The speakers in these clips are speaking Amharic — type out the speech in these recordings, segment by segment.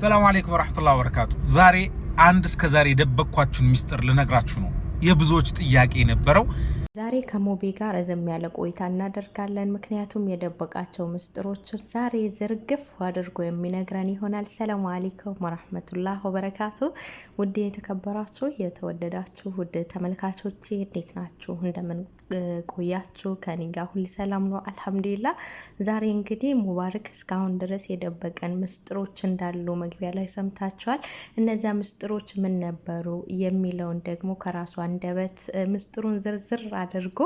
ሰላም አለይኩም ወራህመቱላሂ ወበረካቱ። ዛሬ አንድ እስከ ዛሬ የደበቅኳችሁን ሚስጥር ልነግራችሁ ነው። የብዙዎች ጥያቄ የነበረው ዛሬ ከሞቤ ጋር ረዘም ያለ ቆይታ እናደርጋለን። ምክንያቱም የደበቃቸው ምስጢሮችን ዛሬ ዝርግፍ አድርጎ የሚነግረን ይሆናል። ሰላሙ አሌይኩም ወረሕመቱላህ ወበረካቱ። ውድ የተከበራችሁ የተወደዳችሁ ውድ ተመልካቾቼ እንዴት ናችሁ? እንደምን ቆያችሁ? ከኔ ጋር ሁሉ ሰላም ነው አልሐምዱሊላ። ዛሬ እንግዲህ ሙባረክ እስካሁን ድረስ የደበቀን ምስጢሮች እንዳሉ መግቢያ ላይ ሰምታችኋል። እነዚያ ምስጢሮች ምን ነበሩ የሚለውን ደግሞ ከራሱ አንደበት ምስጢሩን ዝርዝር አድርጎ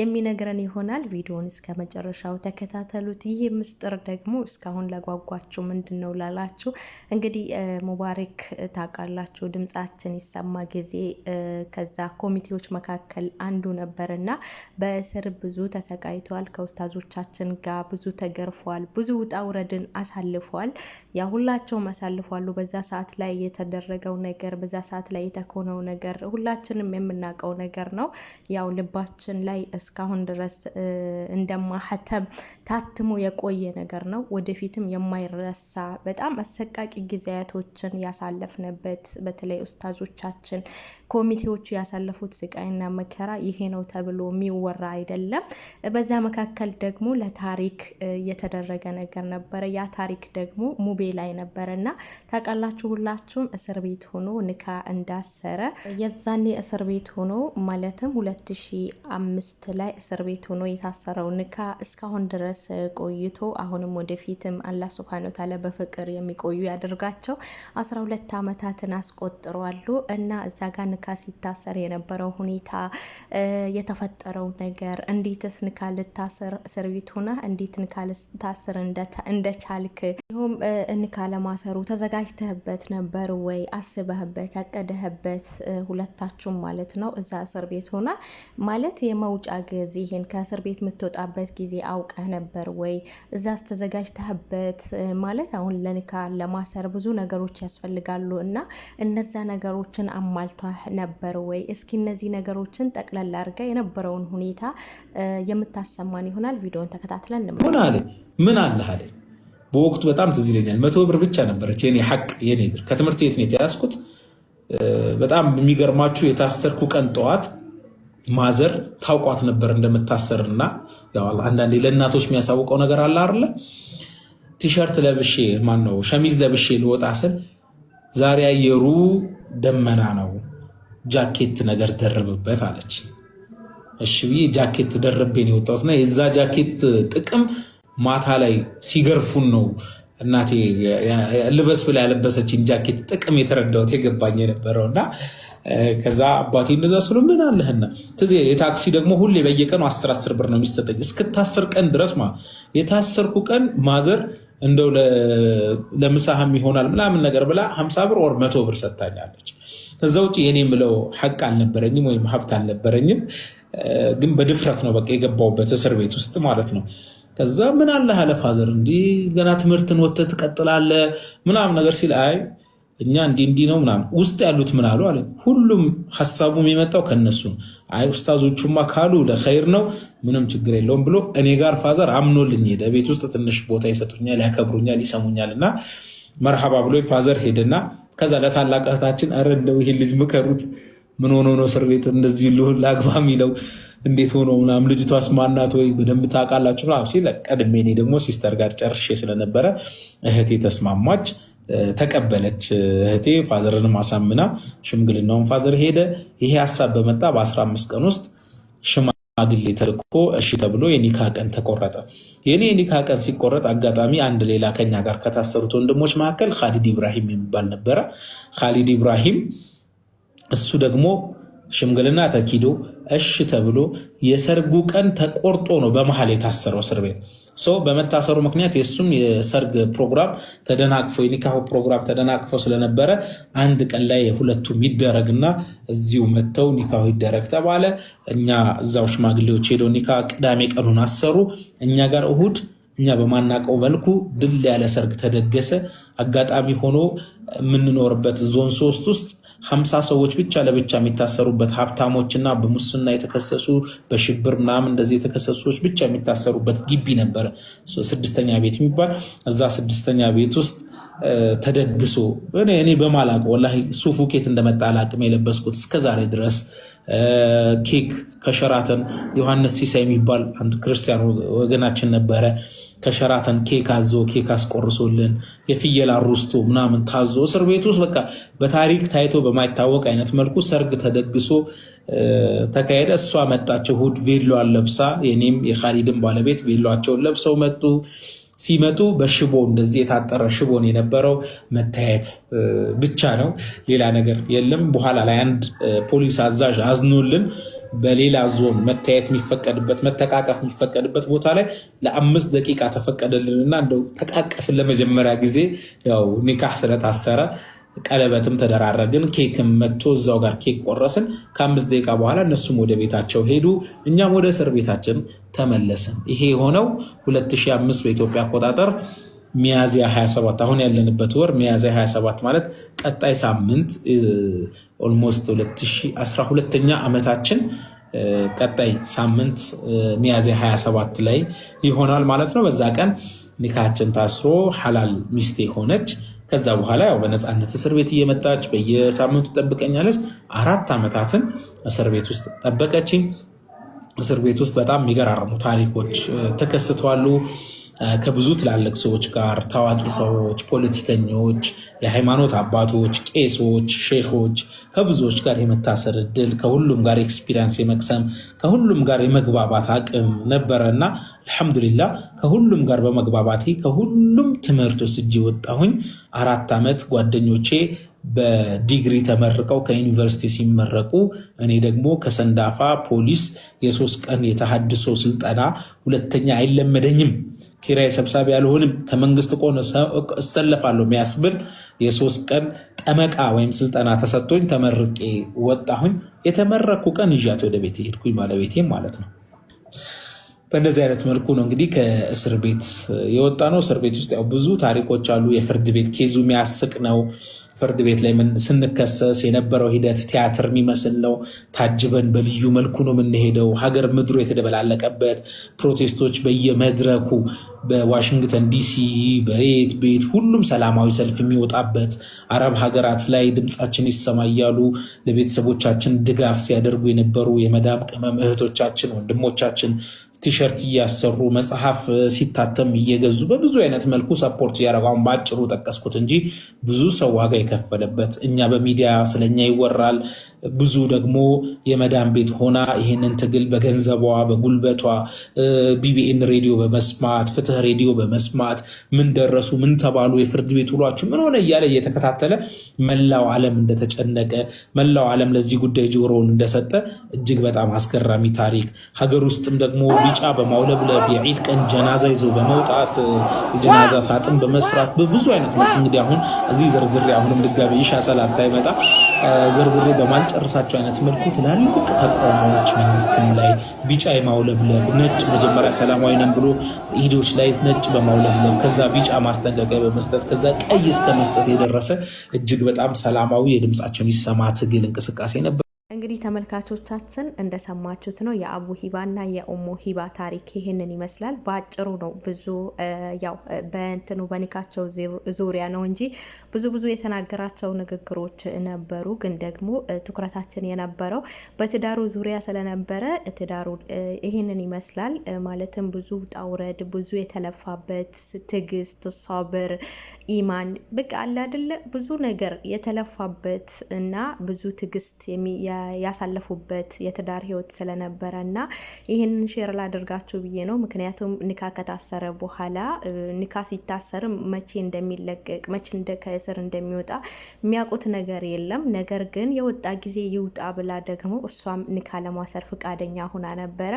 የሚነግረን ይሆናል። ቪዲዮውን እስከ መጨረሻው ተከታተሉት። ይህ ምስጢር ደግሞ እስካሁን ለጓጓችሁ ምንድን ነው ላላችሁ እንግዲህ ሙባሪክ ታውቃላችሁ፣ ድምጻችን ይሰማ ጊዜ ከዛ ኮሚቴዎች መካከል አንዱ ነበር እና በእስር ብዙ ተሰቃይተዋል። ከውስታዞቻችን ጋር ብዙ ተገርፏል። ብዙ ውጣ ውረድን አሳልፏል። ያ ሁላቸውም አሳልፏሉ። በዛ ሰዓት ላይ የተደረገው ነገር፣ በዛ ሰዓት ላይ የተኮነው ነገር ሁላችንም የምናውቀው ነገር ነው ያው ልብ ልባችን ላይ እስካሁን ድረስ እንደማህተም ታትሞ የቆየ ነገር ነው። ወደፊትም የማይረሳ በጣም አሰቃቂ ጊዜያቶችን ያሳለፍንበት በተለይ ኡስታዞቻችን ኮሚቴዎቹ ያሳለፉት ስቃይና መከራ ይሄ ነው ተብሎ የሚወራ አይደለም። በዛ መካከል ደግሞ ለታሪክ የተደረገ ነገር ነበረ። ያ ታሪክ ደግሞ ሙቤ ላይ ነበረ እና ታውቃላችሁ ሁላችሁም እስር ቤት ሆኖ ንካ እንዳሰረ የዛኔ እስር ቤት ሆኖ ማለትም ሁለት ሺ አምስት ላይ እስር ቤት ሆኖ የታሰረው ንካ እስካሁን ድረስ ቆይቶ አሁንም ወደፊትም አላህ ሱብሃነሁ ወተዓላ በፍቅር የሚቆዩ ያደርጋቸው። አስራ ሁለት ዓመታትን አስቆጥሯሉ እና እዛ ጋር ንካ ሲታሰር የነበረው ሁኔታ የተፈጠረው ነገር እንዴትስ ንካ ልታስር እስር ቤት ሆና እንዴት ንካ ልታስር እንደቻልክ እንዲሁም ንካ ለማሰሩ ተዘጋጅተህበት ነበር ወይ አስበህበት ያቀደህበት ሁለታችሁም ማለት ነው እዛ እስር ቤት ሆና ማለት የመውጫ ጊዜ ይህን ከእስር ቤት የምትወጣበት ጊዜ አውቀህ ነበር ወይ? እዛስ ተዘጋጅተህበት? ማለት አሁን ለንካ ለማሰር ብዙ ነገሮች ያስፈልጋሉ እና እነዛ ነገሮችን አሟልቷህ ነበር ወይ? እስኪ እነዚህ ነገሮችን ጠቅላላ አድርጋ የነበረውን ሁኔታ የምታሰማን ይሆናል። ቪዲዮን ተከታትለን እንመለስ። ምን አለ አለኝ። በወቅቱ በጣም ትዝ ይለኛል። መቶ ብር ብቻ ነበረች የኔ ሀቅ የኔ ብር። ከትምህርት ቤት ነው የተያዝኩት። በጣም የሚገርማችሁ የታሰርኩ ቀን ጠዋት ማዘር ታውቋት ነበር እንደምታሰር እና አንዳንዴ ለእናቶች የሚያሳውቀው ነገር አለ አለ ቲሸርት ለብሼ ነው ሸሚዝ ለብሼ ልወጣ ስል ዛሬ አየሩ ደመና ነው፣ ጃኬት ነገር ደርብበት አለች። እሺ ብዬ ጃኬት ደርቤን የወጣሁትና የዛ ጃኬት ጥቅም ማታ ላይ ሲገርፉን ነው እናቴ ልበስ ብላ ያለበሰችን ጃኬት ጥቅም የተረዳሁት የገባኝ የነበረው እና ከዛ አባቴ እንደዛ ስሉ ምን አለህና ትዜ የታክሲ ደግሞ ሁሌ በየቀኑ አስር አስር ብር ነው የሚሰጠኝ እስክታስር ቀን ድረስ የታሰርኩ ቀን ማዘር እንደው ለምሳህም ይሆናል ምናምን ነገር ብላ ሀምሳ ብር ወር መቶ ብር ሰጥታኛለች። ከዛ ውጭ የኔ ብለው ሀቅ አልነበረኝም ወይም ሀብት አልነበረኝም። ግን በድፍረት ነው በቃ የገባውበት እስር ቤት ውስጥ ማለት ነው። ከዛ ምን አለ ሀለፋዘር እንዲህ ገና ትምህርትን ወተ ትቀጥላለ ምናምን ነገር ሲል አይ እኛ እንዲህ እንዲህ ነው ምናምን ውስጥ ያሉት ምን አሉ አለ። ሁሉም ሀሳቡ የመጣው ከነሱ ነው። አይ ኡስታዞቹማ ካሉ ለኸይር ነው ምንም ችግር የለውም ብሎ እኔ ጋር ፋዘር አምኖልኝ ሄደ። ቤት ውስጥ ትንሽ ቦታ ይሰጡኛል፣ ያከብሩኛል፣ ይሰሙኛል እና መርሐባ ብሎ ፋዘር ሄደና ከዛ ለታላቅ እህታችን ኧረ እንደው ይሄን ልጅ ምከሩት፣ ምን ሆኖ ነው እስር ቤት እንደዚህ ልሁን ለአግባ የሚለው እንዴት ሆኖ ምናምን ልጅቷስ ማናት ወይ በደንብ ታውቃላችሁ ሲል ቀድሜ እኔ ደግሞ ሲስተር ጋር ጨርሼ ስለነበረ እህቴ ተስማማች። ተቀበለች እህቴ። ፋዘርን ማሳምና ሽምግልናውን ፋዘር ሄደ። ይሄ ሀሳብ በመጣ በ15 ቀን ውስጥ ሽማግሌ ተልኮ እሺ ተብሎ የኒካ ቀን ተቆረጠ። የኔ የኒካ ቀን ሲቆረጥ አጋጣሚ አንድ ሌላ ከኛ ጋር ከታሰሩት ወንድሞች መካከል ካሊድ ኢብራሂም የሚባል ነበረ። ካሊድ ኢብራሂም እሱ ደግሞ ሽምግልና ተኪዶ እሽ ተብሎ የሰርጉ ቀን ተቆርጦ ነው በመሀል የታሰረው እስር ቤት ሰው በመታሰሩ ምክንያት የእሱም የሰርግ ፕሮግራም ተደናቅፎ የኒካሁ ፕሮግራም ተደናቅፎ ስለነበረ አንድ ቀን ላይ ሁለቱም ይደረግና እዚሁ መጥተው ኒካሁ ይደረግ ተባለ። እኛ እዛው ሽማግሌዎች ሄደው ኒካ ቅዳሜ ቀኑን አሰሩ። እኛ ጋር እሁድ እኛ በማናቀው መልኩ ድል ያለ ሰርግ ተደገሰ። አጋጣሚ ሆኖ የምንኖርበት ዞን ሶስት ውስጥ ሀምሳ ሰዎች ብቻ ለብቻ የሚታሰሩበት ሀብታሞችና በሙስና የተከሰሱ በሽብር ምናምን እንደዚህ የተከሰሱ ሰዎች ብቻ የሚታሰሩበት ግቢ ነበረ፣ ስድስተኛ ቤት የሚባል እዛ ስድስተኛ ቤት ውስጥ ተደግሶ እኔ በማላቅ ወላሂ ሱፉ ኬት እንደመጣ አላቅም የለበስኩት እስከዛሬ ድረስ ኬክ ከሸራተን ዮሐንስ ሲሳይ የሚባል አንድ ክርስቲያን ወገናችን ነበረ። ከሸራተን ኬክ አዞ ኬክ አስቆርሶልን የፍየል አሩስቶ ምናምን ታዞ እስር ቤት ውስጥ በቃ በታሪክ ታይቶ በማይታወቅ አይነት መልኩ ሰርግ ተደግሶ ተካሄደ። እሷ መጣቸው እሑድ ቬሎ ለብሳ የኔም የካሊድን ባለቤት ቬሎቸውን ለብሰው መጡ። ሲመጡ በሽቦ እንደዚህ የታጠረ ሽቦን የነበረው መታየት ብቻ ነው፣ ሌላ ነገር የለም። በኋላ ላይ አንድ ፖሊስ አዛዥ አዝኖልን በሌላ ዞን መታየት የሚፈቀድበት መተቃቀፍ የሚፈቀድበት ቦታ ላይ ለአምስት ደቂቃ ተፈቀደልንና እንደው ተቃቀፍን ለመጀመሪያ ጊዜ ያው ኒካህ ስለታሰረ ቀለበትም ተደራረግን፣ ኬክም መጥቶ እዛው ጋር ኬክ ቆረስን። ከአምስት ደቂቃ በኋላ እነሱም ወደ ቤታቸው ሄዱ፣ እኛም ወደ እስር ቤታችን ተመለስን። ይሄ የሆነው 2005 በኢትዮጵያ አቆጣጠር ሚያዝያ 27 አሁን ያለንበት ወር ሚያዝያ 27 ማለት ቀጣይ ሳምንት ኦልሞስት 2012ኛ ዓመታችን ቀጣይ ሳምንት ሚያዝያ 27 ላይ ይሆናል ማለት ነው። በዛ ቀን ኒካችን ታስሮ ሐላል ሚስቴ ሆነች። ከዛ በኋላ ያው በነፃነት እስር ቤት እየመጣች በየሳምንቱ ጠብቀኛለች። አራት ዓመታትን እስር ቤት ውስጥ ጠበቀችኝ። እስር ቤት ውስጥ በጣም የሚገራርሙ ታሪኮች ተከስተዋሉ። ከብዙ ትላልቅ ሰዎች ጋር ታዋቂ ሰዎች፣ ፖለቲከኞች፣ የሃይማኖት አባቶች፣ ቄሶች፣ ሼኮች ከብዙዎች ጋር የመታሰር እድል ከሁሉም ጋር ኤክስፒሪንስ የመቅሰም ከሁሉም ጋር የመግባባት አቅም ነበረ እና አልሐምዱሊላ ከሁሉም ጋር በመግባባቴ ከሁሉም ትምህርት ወስጄ ወጣሁኝ። አራት ዓመት ጓደኞቼ በዲግሪ ተመርቀው ከዩኒቨርሲቲ ሲመረቁ እኔ ደግሞ ከሰንዳፋ ፖሊስ የሶስት ቀን የተሃድሶ ስልጠና ሁለተኛ አይለመደኝም ኪራይ ሰብሳቢ አልሆንም፣ ከመንግስት ጎን እሰለፋለሁ የሚያስብል የሶስት ቀን ጠመቃ ወይም ስልጠና ተሰጥቶኝ ተመርቄ ወጣሁኝ። የተመረኩ ቀን ይዣት ወደ ቤት ሄድኩኝ፣ ባለቤቴ ማለት ነው። በእንደዚህ አይነት መልኩ ነው እንግዲህ ከእስር ቤት የወጣ ነው። እስር ቤት ውስጥ ያው ብዙ ታሪኮች አሉ። የፍርድ ቤት ኬዙ የሚያስቅ ነው። ፍርድ ቤት ላይ ስንከሰስ የነበረው ሂደት ቲያትር የሚመስል ነው። ታጅበን በልዩ መልኩ ነው የምንሄደው። ሀገር ምድሩ የተደበላለቀበት ፕሮቴስቶች በየመድረኩ በዋሽንግተን ዲሲ በሬት ቤት ሁሉም ሰላማዊ ሰልፍ የሚወጣበት አረብ ሀገራት ላይ ድምፃችን ይሰማ እያሉ ለቤተሰቦቻችን ድጋፍ ሲያደርጉ የነበሩ የመዳም ቅመም እህቶቻችን፣ ወንድሞቻችን ቲሸርት እያሰሩ መጽሐፍ ሲታተም እየገዙ በብዙ አይነት መልኩ ሰፖርት እያደረጉ አሁን በአጭሩ ጠቀስኩት እንጂ ብዙ ሰው ዋጋ የከፈለበት እኛ በሚዲያ ስለኛ ይወራል። ብዙ ደግሞ የመዳን ቤት ሆና ይህንን ትግል በገንዘቧ በጉልበቷ ቢቢኤን ሬዲዮ በመስማት ፍትህ ሬዲዮ በመስማት ምን ደረሱ፣ ምን ተባሉ፣ የፍርድ ቤት ውሏችሁ ምን ሆነ እያለ እየተከታተለ መላው ዓለም እንደተጨነቀ መላው ዓለም ለዚህ ጉዳይ ጆሮውን እንደሰጠ እጅግ በጣም አስገራሚ ታሪክ ሀገር ውስጥም ደግሞ ቢጫ በማውለብለብ የዒድ ቀን ጀናዛ ይዞ በመውጣት ጀናዛ ሳጥን በመስራት በብዙ አይነት መልክ እንግዲህ አሁን እዚህ ዝርዝሬ አሁንም ድጋሚ ኢሻ ሰላት ሳይመጣ ዝርዝሬ በማልጨርሳቸው አይነት መልኩ ትላልቅ ተቃውሞዎች መንግስትም ላይ ቢጫ የማውለብለብ ነጭ መጀመሪያ ሰላማዊ ነን ብሎ ሂዶች ላይ ነጭ በማውለብለብ ከዛ ቢጫ ማስጠንቀቂያ በመስጠት ከዛ ቀይ እስከ መስጠት የደረሰ እጅግ በጣም ሰላማዊ የድምፃቸውን ይሰማ ትግል እንቅስቃሴ ነበር። እንግዲህ ተመልካቾቻችን እንደሰማችሁት ነው። የአቡ ሂባና የኡሙ ሂባ ታሪክ ይህንን ይመስላል። በአጭሩ ነው። ብዙ ያው በእንትኑ በኒካቸው ዙሪያ ነው እንጂ ብዙ ብዙ የተናገራቸው ንግግሮች ነበሩ። ግን ደግሞ ትኩረታችን የነበረው በትዳሩ ዙሪያ ስለነበረ ትዳሩ ይህንን ይመስላል። ማለትም ብዙ ጣውረድ፣ ብዙ የተለፋበት ትዕግስት፣ ሶብር፣ ኢማን በቃ አለ አይደለ ብዙ ነገር የተለፋበት እና ብዙ ትዕግስት ያሳለፉበት የትዳር ህይወት ስለነበረ እና ይህንን ሼር ላድርጋችሁ ብዬ ነው። ምክንያቱም ኒካ ከታሰረ በኋላ ኒካ ሲታሰር መቼ እንደሚለቀቅ መቼ ከእስር እንደሚወጣ የሚያውቁት ነገር የለም። ነገር ግን የወጣ ጊዜ ይውጣ ብላ ደግሞ እሷም ኒካ ለማሰር ፍቃደኛ ሁና ነበረ።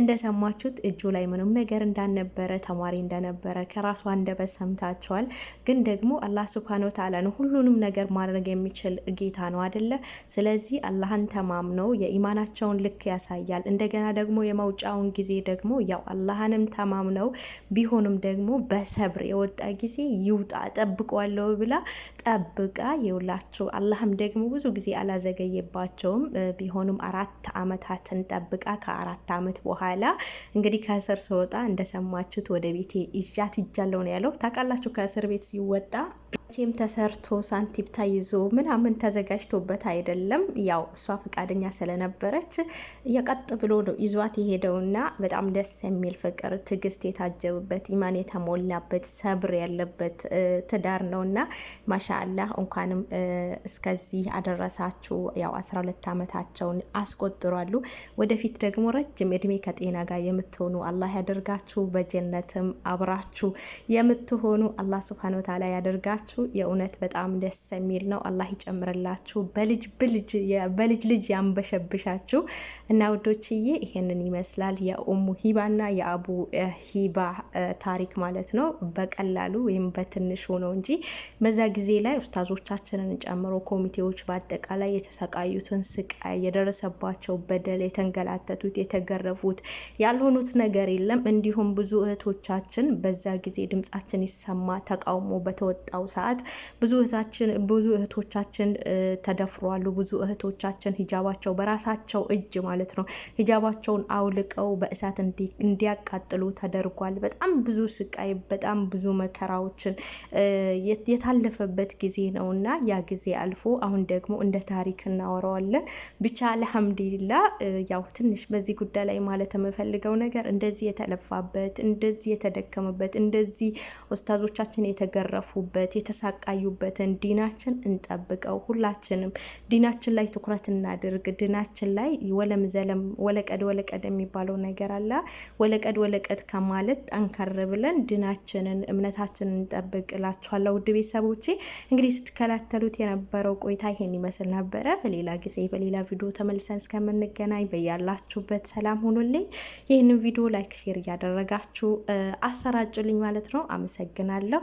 እንደሰማችሁት እጁ ላይ ምንም ነገር እንዳልነበረ ተማሪ እንደነበረ ከራሷ አንደበት ሰምታችኋል። ግን ደግሞ አላህ ሱብሃነ ወተዓላ ነው ሁሉንም ነገር ማድረግ የሚችል ጌታ ነው አደለ? ስለዚህ አላህን አላህን ተማምነው የኢማናቸውን ልክ ያሳያል። እንደገና ደግሞ የመውጫውን ጊዜ ደግሞ ያው አላህንም ተማምነው ቢሆንም ደግሞ በሰብር የወጣ ጊዜ ይውጣ ጠብቋለሁ ብላ ጠብቃ ይውላችሁ። አላህም ደግሞ ብዙ ጊዜ አላዘገየባቸውም። ቢሆንም አራት አመታትን ጠብቃ ከአራት አመት በኋላ እንግዲህ ከእስር ስወጣ እንደሰማችሁት ወደ ቤቴ እዣት ይጃለሁ ነው ያለው። ታውቃላችሁ ከእስር ቤት ሲወጣ መቼም ተሰርቶ ሳንቲም ታይዞ ምናምን ተዘጋጅቶበት አይደለም። ያው እሷ ፈቃደኛ ስለነበረች የቀጥ ብሎ ነው ይዟት የሄደውና በጣም ደስ የሚል ፍቅር፣ ትዕግስት የታጀብበት፣ ኢማን የተሞላበት፣ ሰብር ያለበት ትዳር ነውና ማሻአላ እንኳንም እስከዚህ አደረሳችሁ። ያው 12 ዓመታቸውን አስቆጥሯሉ። ወደፊት ደግሞ ረጅም እድሜ ከጤና ጋር የምትሆኑ አላህ ያደርጋችሁ። በጀነትም አብራችሁ የምትሆኑ አላህ ስብሃነ ወተዓላ ያደርጋችሁ። ያላችሁ የእውነት በጣም ደስ የሚል ነው። አላህ ይጨምርላችሁ፣ በልጅ በልጅ ልጅ ያንበሸብሻችሁ እና ውዶችዬ ይሄንን ይመስላል የኡሙ ሂባና የአቡ ሂባ ታሪክ ማለት ነው። በቀላሉ ወይም በትንሹ ነው እንጂ በዛ ጊዜ ላይ ኡስታዞቻችንን ጨምሮ ኮሚቴዎች በአጠቃላይ የተሰቃዩትን ስቃይ የደረሰባቸው በደል የተንገላተቱት የተገረፉት ያልሆኑት ነገር የለም። እንዲሁም ብዙ እህቶቻችን በዛ ጊዜ ድምጻችን ይሰማ ተቃውሞ በተወጣው ሰዓት ብዙ እህታችን ብዙ እህቶቻችን ተደፍሯሉ። ብዙ እህቶቻችን ሂጃባቸው በራሳቸው እጅ ማለት ነው ሂጃባቸውን አውልቀው በእሳት እንዲያቃጥሉ ተደርጓል። በጣም ብዙ ስቃይ፣ በጣም ብዙ መከራዎችን የታለፈበት ጊዜ ነው እና ያ ጊዜ አልፎ አሁን ደግሞ እንደ ታሪክ እናወረዋለን። ብቻ አልሐምዲላ ያው ትንሽ በዚህ ጉዳይ ላይ ማለት የምፈልገው ነገር እንደዚህ የተለፋበት እንደዚህ የተደከመበት እንደዚህ ኡስታዞቻችን የተገረፉበት የተ የተሰቃዩበትን ዲናችን እንጠብቀው። ሁላችንም ዲናችን ላይ ትኩረት እናድርግ። ዲናችን ላይ ወለም ዘለም ወለቀድ ወለቀድ የሚባለው ነገር አለ። ወለቀድ ወለቀድ ከማለት ጠንከር ብለን ዲናችንን እምነታችንን እንጠብቅ እላችኋለሁ። ውድ ቤተሰቦቼ እንግዲህ ስትከታተሉት የነበረው ቆይታ ይሄን ይመስል ነበረ። በሌላ ጊዜ በሌላ ቪዲዮ ተመልሰን እስከምንገናኝ በያላችሁበት ሰላም ሁኑልኝ። ይህንን ቪዲዮ ላይክ፣ ሼር እያደረጋችሁ አሰራጭልኝ ማለት ነው። አመሰግናለሁ።